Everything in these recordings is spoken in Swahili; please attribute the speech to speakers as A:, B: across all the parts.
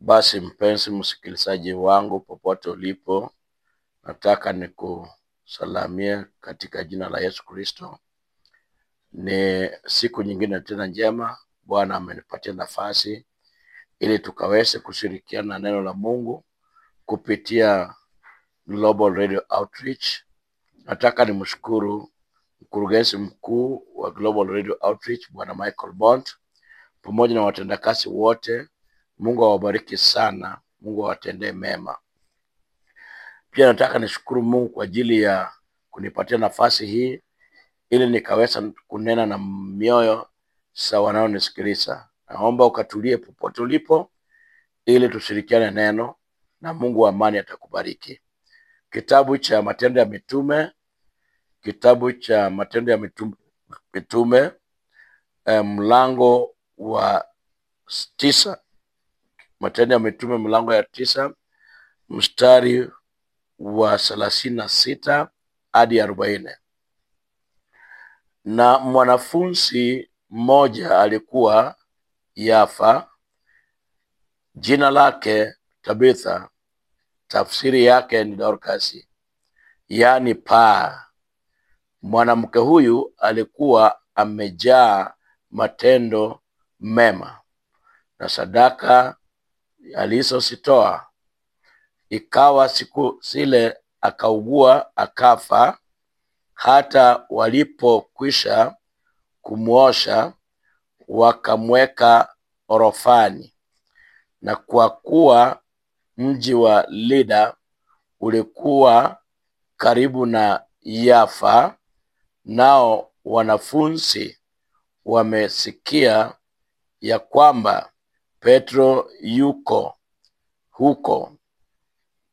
A: Basi mpenzi msikilizaji wangu popote ulipo, nataka nikusalamie katika jina la Yesu Kristo. Ni siku nyingine tena njema, Bwana amenipatia nafasi ili tukaweze kushirikiana neno la Mungu kupitia Global Radio Outreach. Nataka nimshukuru mkurugenzi mkuu wa Global Radio Outreach Bwana Michael Bond pamoja na watendakazi wote Mungu awabariki sana, Mungu awatendee mema. Pia nataka nishukuru Mungu kwa ajili ya kunipatia nafasi hii ili nikaweza kunena na mioyo za wanaonisikiliza. Naomba ukatulie popote ulipo, ili tushirikiane neno na Mungu wa amani atakubariki. Kitabu cha Matendo ya Mitume, kitabu cha Matendo ya Mitume, Mitume eh, mlango wa tisa Matendo ya Mitume mlango ya tisa mstari wa thelathini na sita hadi arobaini. Na mwanafunzi mmoja alikuwa Yafa, jina lake Tabitha, tafsiri yake ni Dorkasi, yaani paa. Mwanamke huyu alikuwa amejaa matendo mema na sadaka alizozitoa. Ikawa siku zile akaugua akafa. Hata walipokwisha kumwosha, wakamweka orofani. Na kwa kuwa mji wa Lida ulikuwa karibu na Yafa, nao wanafunzi wamesikia ya kwamba Petro yuko huko,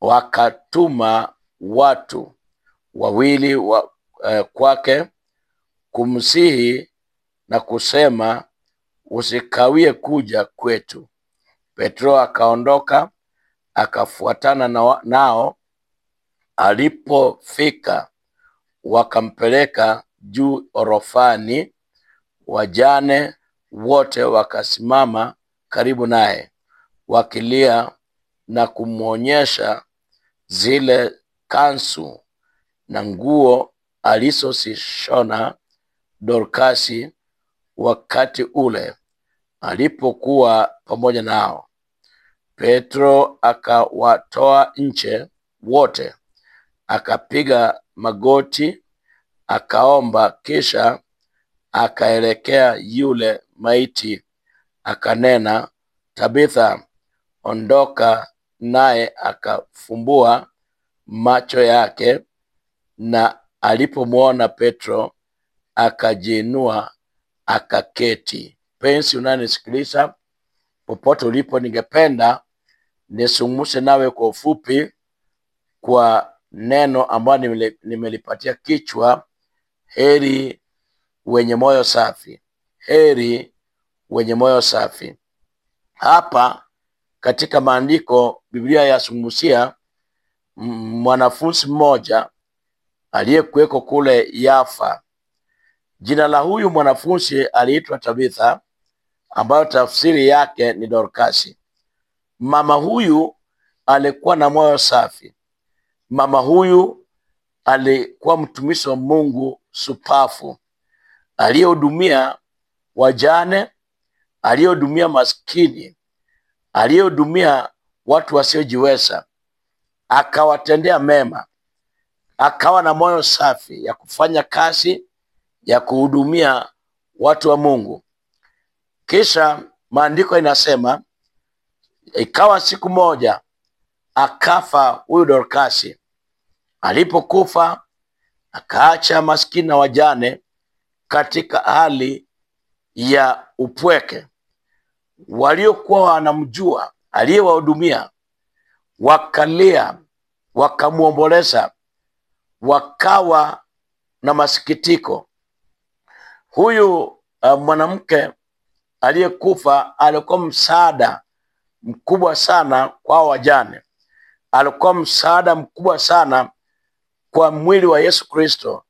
A: wakatuma watu wawili wa, eh, kwake kumsihi na kusema, usikawie kuja kwetu. Petro akaondoka akafuatana na, nao. Alipofika wakampeleka juu orofani, wajane wote wakasimama karibu naye wakilia na kumwonyesha zile kansu na nguo alizozishona Dorkasi wakati ule alipokuwa pamoja nao. Petro akawatoa nje wote, akapiga magoti, akaomba, kisha akaelekea yule maiti akanena, Tabitha, ondoka. Naye akafumbua macho yake, na alipomwona Petro akajiinua akaketi. Pensi unanisikiliza popote ulipo, ningependa nisungumuse nawe kwa ufupi kwa neno ambayo nimelipatia kichwa, heri wenye moyo safi. Heri wenye moyo safi. Hapa katika maandiko, Biblia yazungumzia mwanafunzi mmoja aliyekuweko kule Yafa. Jina la huyu mwanafunzi aliitwa Tabitha, ambayo tafsiri yake ni Dorkasi. Mama huyu alikuwa na moyo safi. Mama huyu alikuwa mtumishi wa Mungu supafu aliyehudumia wajane aliyehudumia maskini, aliyehudumia watu wasiojiweza, akawatendea mema, akawa na moyo safi ya kufanya kazi ya kuhudumia watu wa Mungu. Kisha maandiko inasema ikawa siku moja akafa huyu Dorkasi. Alipokufa akaacha maskini na wajane katika hali ya upweke waliokuwa wanamjua aliyewahudumia wakalia, wakamwomboleza, wakawa na masikitiko. Huyu uh, mwanamke aliyekufa alikuwa msaada mkubwa sana kwa wajane, alikuwa msaada mkubwa sana kwa mwili wa Yesu Kristo,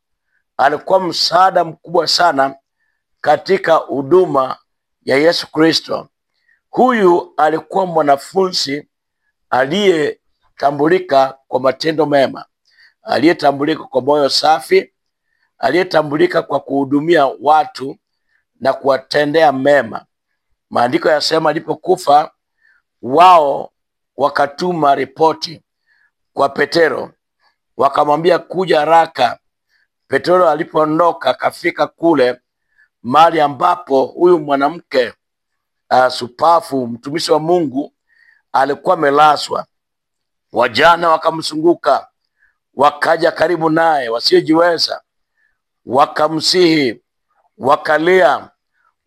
A: alikuwa msaada mkubwa sana katika huduma ya Yesu Kristo Huyu alikuwa mwanafunzi aliyetambulika kwa matendo mema, aliyetambulika kwa moyo safi, aliyetambulika kwa kuhudumia watu na kuwatendea mema. Maandiko yasema alipokufa, wao wakatuma ripoti kwa Petero, wakamwambia kuja haraka. Petero alipoondoka, akafika kule mahali ambapo huyu mwanamke uh, Supafu mtumishi wa Mungu alikuwa amelazwa, wajana wakamzunguka, wakaja karibu naye, wasiojiweza wakamsihi, wakalia,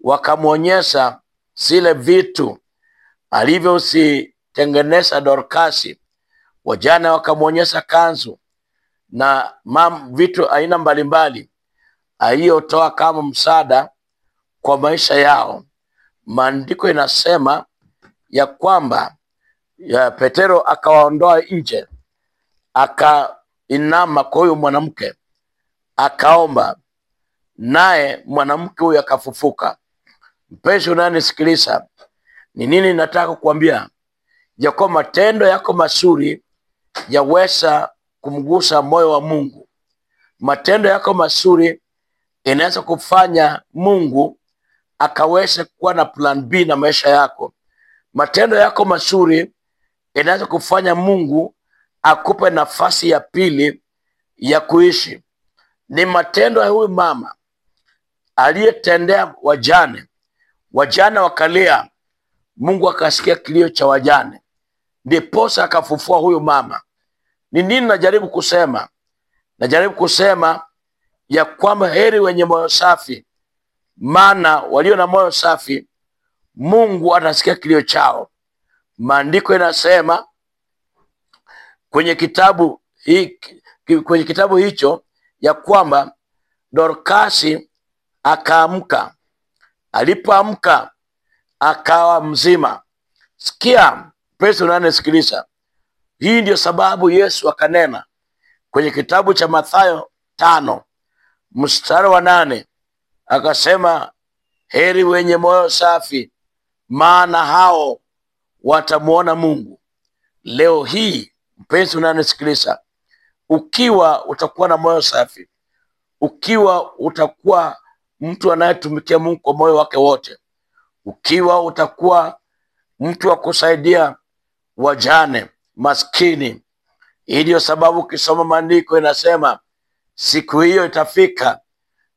A: wakamwonyesha zile vitu alivyozitengeneza Dorkasi. Wajana wakamwonyesha kanzu na mam, vitu aina mbalimbali aliyotoa kama msaada kwa maisha yao maandiko inasema ya kwamba ya Petero akawaondoa nje, akainama kwa huyo mwanamke akaomba, naye mwanamke huyo akafufuka. Mpenzi unayenisikiliza, ni nini nataka kukuambia? Ya kuwa matendo yako mazuri yaweza kumgusa moyo wa Mungu. Matendo yako mazuri inaweza kufanya Mungu akaweze kuwa na plan B na maisha yako. Matendo yako mazuri yanaweza kufanya Mungu akupe nafasi ya pili ya kuishi. Ni matendo ya huyu mama aliyetendea wajane, wajane wakalia, Mungu akasikia kilio cha wajane, ndiposa akafufua huyu mama. Ni nini najaribu kusema? Najaribu kusema ya kwamba heri wenye moyo safi maana walio na moyo safi Mungu atasikia kilio chao. Maandiko inasema kwenye kitabu hiki, kwenye kitabu hicho ya kwamba Dorkasi akaamka, alipoamka akawa mzima. Sikia pesa unanisikiliza, hii ndio sababu Yesu akanena kwenye kitabu cha Mathayo tano mstari wa nane Akasema, heri wenye moyo safi, maana hao watamwona Mungu. Leo hii mpenzi unanisikiliza, ukiwa utakuwa na moyo safi, ukiwa utakuwa mtu anayetumikia Mungu kwa moyo wake wote, ukiwa utakuwa mtu wa kusaidia wajane, maskini. Hii ndiyo sababu ukisoma maandiko inasema siku hiyo itafika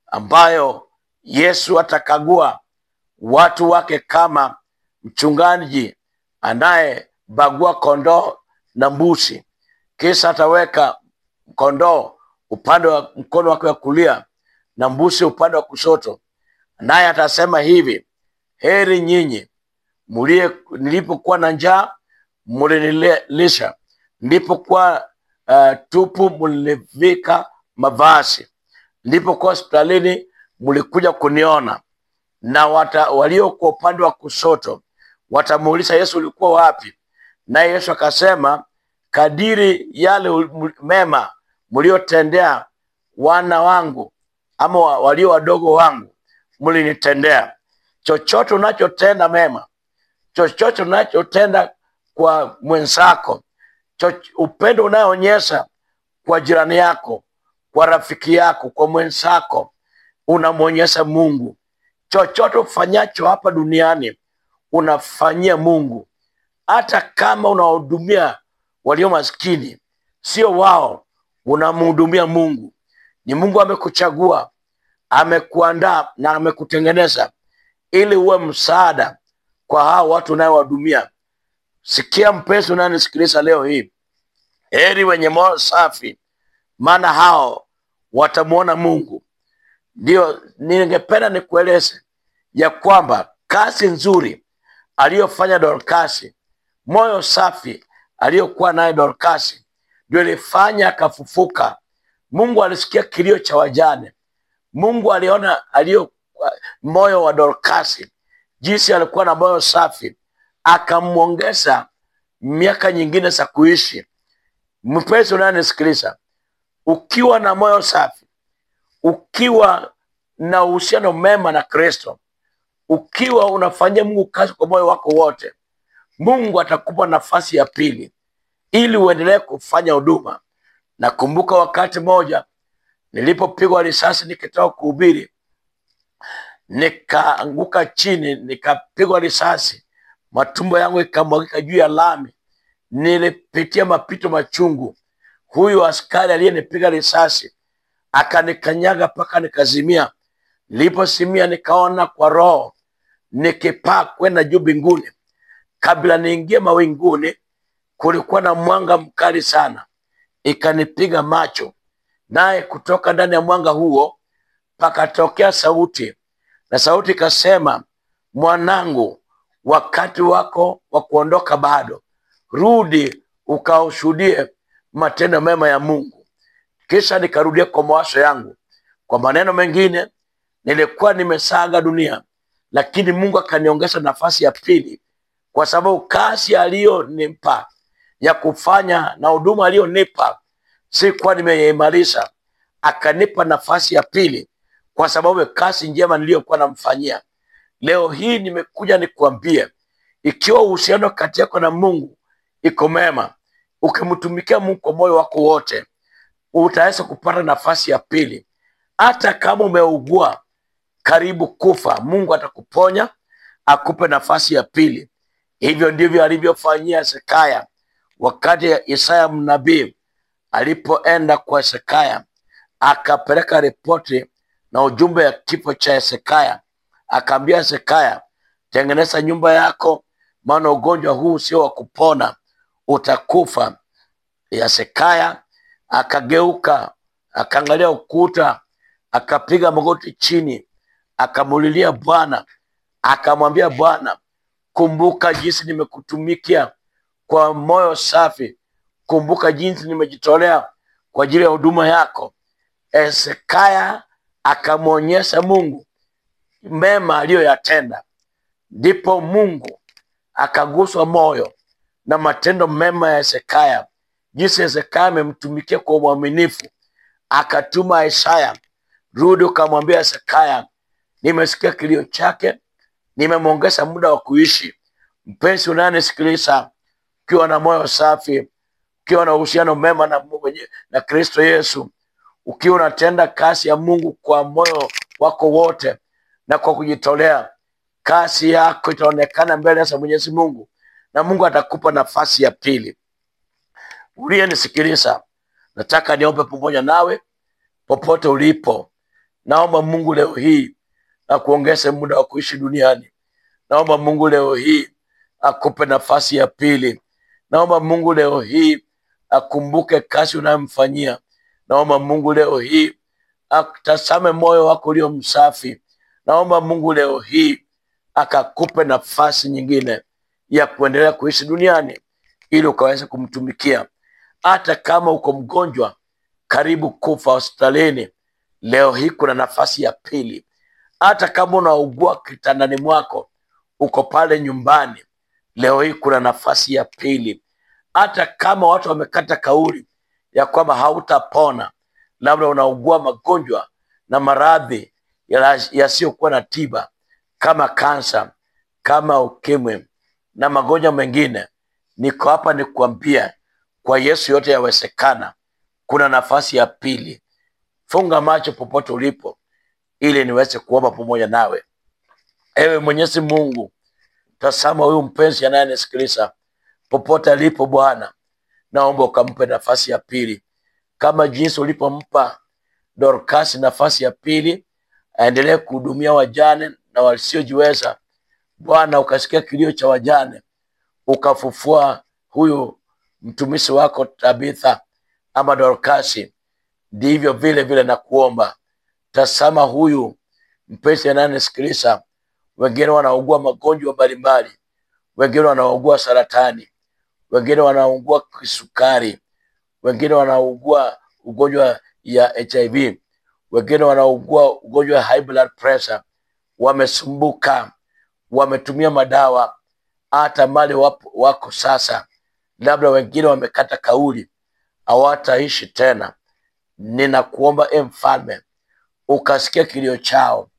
A: ambayo Yesu atakagua watu wake kama mchungaji anayebagua kondoo na mbuzi. Kisha ataweka kondoo upande wa mkono wake wa kulia na mbuzi upande wa kushoto, naye atasema hivi: heri nyinyi mlie, nilipokuwa na njaa mulinilisha, nilipokuwa uh, tupu mulinivika mavazi, nilipokuwa hospitalini mlikuja kuniona, na wata, walio kwa upande wa kushoto watamuuliza Yesu, ulikuwa wapi? Naye Yesu akasema, kadiri yale mema mliotendea wana wangu ama walio wadogo wangu mlinitendea. Chochote unachotenda mema, chochote unachotenda kwa mwenzako, upendo unayoonyesha kwa jirani yako, kwa rafiki yako, kwa mwenzako, unamwonyesha Mungu. Chochote ufanyacho hapa duniani unafanyia Mungu, hata kama unawahudumia walio maskini, sio wao, unamhudumia Mungu. Ni Mungu amekuchagua, amekuandaa na amekutengeneza ili uwe msaada kwa hao watu unayewahudumia Sikia mpenzi unayenisikiliza leo hii, heri wenye moyo safi, maana hao watamwona Mungu ndio ningependa nikueleze ya kwamba kazi nzuri aliyofanya Dorkasi, moyo safi aliyokuwa naye Dorkasi ndio ilifanya akafufuka. Mungu alisikia kilio cha wajane. Mungu aliona aliyo moyo wa Dorkasi, jinsi alikuwa na moyo safi, akamwongeza miaka nyingine za kuishi. Mpenzi unayenisikiliza, ukiwa na moyo safi ukiwa na uhusiano mema na Kristo, ukiwa unafanyia Mungu kazi kwa moyo wako wote, Mungu atakupa nafasi ya pili ili uendelee kufanya huduma. Nakumbuka wakati moja nilipopigwa risasi nikitoka kuhubiri, nikaanguka chini, nikapigwa risasi, matumbo yangu ikamwagika juu ya lami. Nilipitia mapito machungu. Huyu askari aliyenipiga risasi akanikanyaga mpaka nikazimia. Niliposimia nikaona kwa roho nikipaa kwenda juu mbinguni. Kabla niingie mawinguni, kulikuwa na mwanga mkali sana, ikanipiga macho, naye kutoka ndani ya mwanga huo pakatokea sauti, na sauti ikasema, mwanangu, wakati wako wa kuondoka bado, rudi ukaushudie matendo mema ya Mungu. Kisha nikarudia kwa mawazo yangu. Kwa maneno mengine, nilikuwa nimesaga dunia, lakini Mungu akaniongeza nafasi ya pili, kwa sababu kazi aliyonipa ya kufanya na huduma aliyonipa sikuwa nimeimarisha. Akanipa nafasi ya pili, kwa sababu kazi njema niliyokuwa namfanyia. Leo hii nimekuja nikuambie, ikiwa uhusiano kati yako na Mungu iko mema, ukimtumikia Mungu kwa moyo wako wote utaweza kupata nafasi ya pili. Hata kama umeugua karibu kufa, Mungu atakuponya akupe nafasi ya pili. Hivyo ndivyo alivyofanyia hezekaya wakati Isaya mnabii alipoenda kwa hezekaya akapeleka ripoti na ujumbe ya kifo cha hezekaya Akaambia hezekaya tengeneza nyumba yako, maana ugonjwa huu sio wa kupona, utakufa. Hesekaya akageuka akaangalia ukuta, akapiga magoti chini, akamulilia Bwana, akamwambia Bwana, kumbuka jinsi nimekutumikia kwa moyo safi, kumbuka jinsi nimejitolea kwa ajili ya huduma yako. Hezekia akamwonyesha Mungu mema aliyoyatenda, ndipo Mungu akaguswa moyo na matendo mema ya Hezekia jinsi Hezekia amemtumikia kwa uaminifu, akatuma Isaya, rudi ukamwambia Hezekia, nimesikia kilio chake, nimemwongeza muda wa kuishi. Mpenzi unanisikiliza, ukiwa na moyo safi, ukiwa na uhusiano mema na Mungu na Kristo Yesu, ukiwa unatenda kazi ya Mungu kwa moyo wako wote na kwa kujitolea, kazi yako itaonekana mbele za Mwenyezi Mungu na Mungu atakupa nafasi ya pili uliye nisikiliza, nataka niombe pamoja nawe popote ulipo. Naomba Mungu leo hii akuongeze muda wa kuishi duniani. Naomba Mungu leo hii akupe nafasi ya pili. Naomba Mungu leo hii akumbuke kazi unayomfanyia. Naomba Mungu leo hii atazame moyo wako ulio msafi. Naomba Mungu leo hii akakupe nafasi nyingine ya kuendelea kuishi duniani ili ukaweze kumtumikia hata kama uko mgonjwa karibu kufa hospitalini, leo hii kuna nafasi ya pili. Hata kama unaugua kitandani mwako, uko pale nyumbani, leo hii kuna nafasi ya pili. Hata kama watu wamekata kauli ya kwamba hautapona, labda unaugua magonjwa na maradhi yasiyokuwa na tiba kama kansa, kama ukimwi na magonjwa mengine, niko hapa nikuambia kwa Yesu yote yawezekana. Kuna nafasi ya pili. Funga macho popote ulipo, ili niweze kuomba pamoja nawe. Ewe Mwenyezi Mungu, tazama huyu mpenzi anayenisikiliza popote alipo, Bwana naomba ukampe nafasi ya pili kama jinsi ulipompa Dorkasi nafasi ya pili, aendelee kuhudumia wajane na wasiojiweza. Bwana ukasikia kilio cha wajane, ukafufua huyu mtumishi wako Tabitha ama Dorkasi, ndivyo vile vile na kuomba, tasama huyu mpenzi ananisikiliza, wengine wanaugua magonjwa mbalimbali, wengine wanaugua saratani, wengine wanaugua kisukari, wengine wanaugua ugonjwa ya HIV, wengine wanaugua ugonjwa ya high blood pressure, wamesumbuka, wametumia madawa, hata mali wako sasa labda wengine wamekata kauli, hawataishi tena. Ninakuomba e Mfalme, ukasikia kilio chao,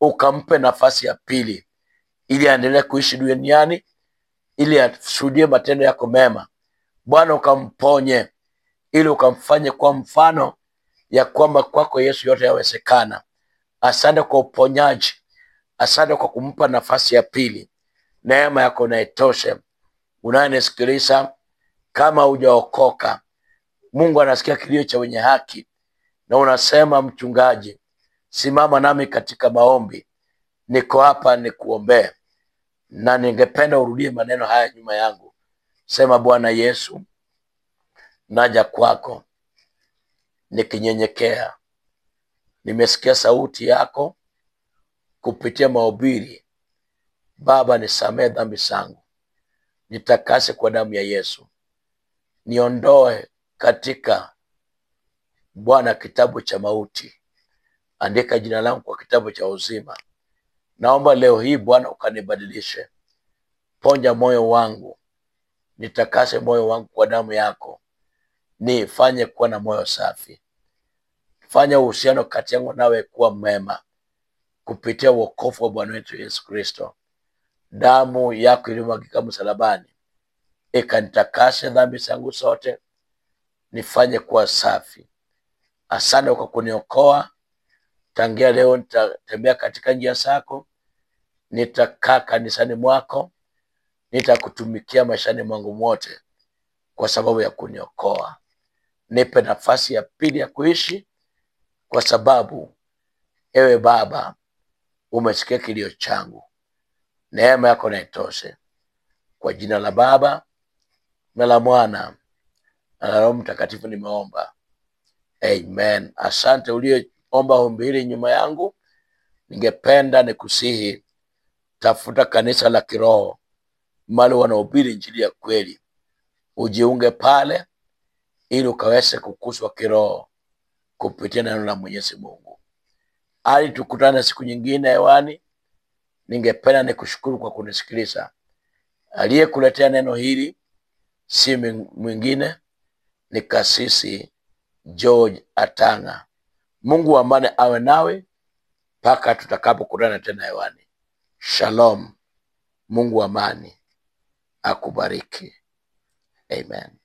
A: ukampe nafasi ya pili, ili aendelee kuishi duniani, ili ashuhudie matendo yako mema. Bwana, ukamponye ili ukamfanye kwa mfano ya kwamba kwako Yesu yote yawezekana. Asante kwa uponyaji, asante kwa kumpa nafasi ya pili. Neema yako naitoshe unayenisikiliza, kama hujaokoka, Mungu anasikia kilio cha wenye haki, na unasema mchungaji, simama nami katika maombi, niko hapa nikuombee, na ningependa urudie maneno haya nyuma yangu. Sema, Bwana Yesu, naja kwako nikinyenyekea, nimesikia sauti yako kupitia mahubiri. Baba, nisamee dhambi zangu nitakase kwa damu ya Yesu, niondoe katika Bwana kitabu cha mauti, andika jina langu kwa kitabu cha uzima. Naomba leo hii Bwana ukanibadilishe, ponja moyo wangu, nitakase moyo wangu kwa damu yako, nifanye kuwa na moyo safi. Fanya uhusiano kati yangu nawe kuwa mema kupitia wokovu wa Bwana wetu Yesu Kristo damu yako iliyomwagika msalabani ikanitakase dhambi zangu zote, nifanye kuwa safi. Asante kwa kuniokoa. Tangia leo nitatembea katika njia zako, nitakaa kanisani mwako, nitakutumikia maishani mwangu mwote, kwa sababu ya kuniokoa. Nipe nafasi ya pili ya kuishi, kwa sababu ewe Baba umesikia kilio changu. Neema yako na itoshe. Kwa jina la Baba na la Mwana na la Roho Mtakatifu nimeomba, amen. Asante ulioomba ombi hili nyuma yangu. Ningependa nikusihi, tafuta kanisa la kiroho mali wanaohubiri injili ya kweli, ujiunge pale ili ukaweze kukuswa kiroho kupitia neno la Mwenyezi Mungu. Ali tukutane siku nyingine hewani Ningependa nikushukuru kwa kunisikiliza. Aliyekuletea neno hili si mwingine, ni Kasisi George Atanga. Mungu wa amani awe nawe mpaka tutakapokutana tena hewani. Shalom. Mungu wa amani akubariki. Amen.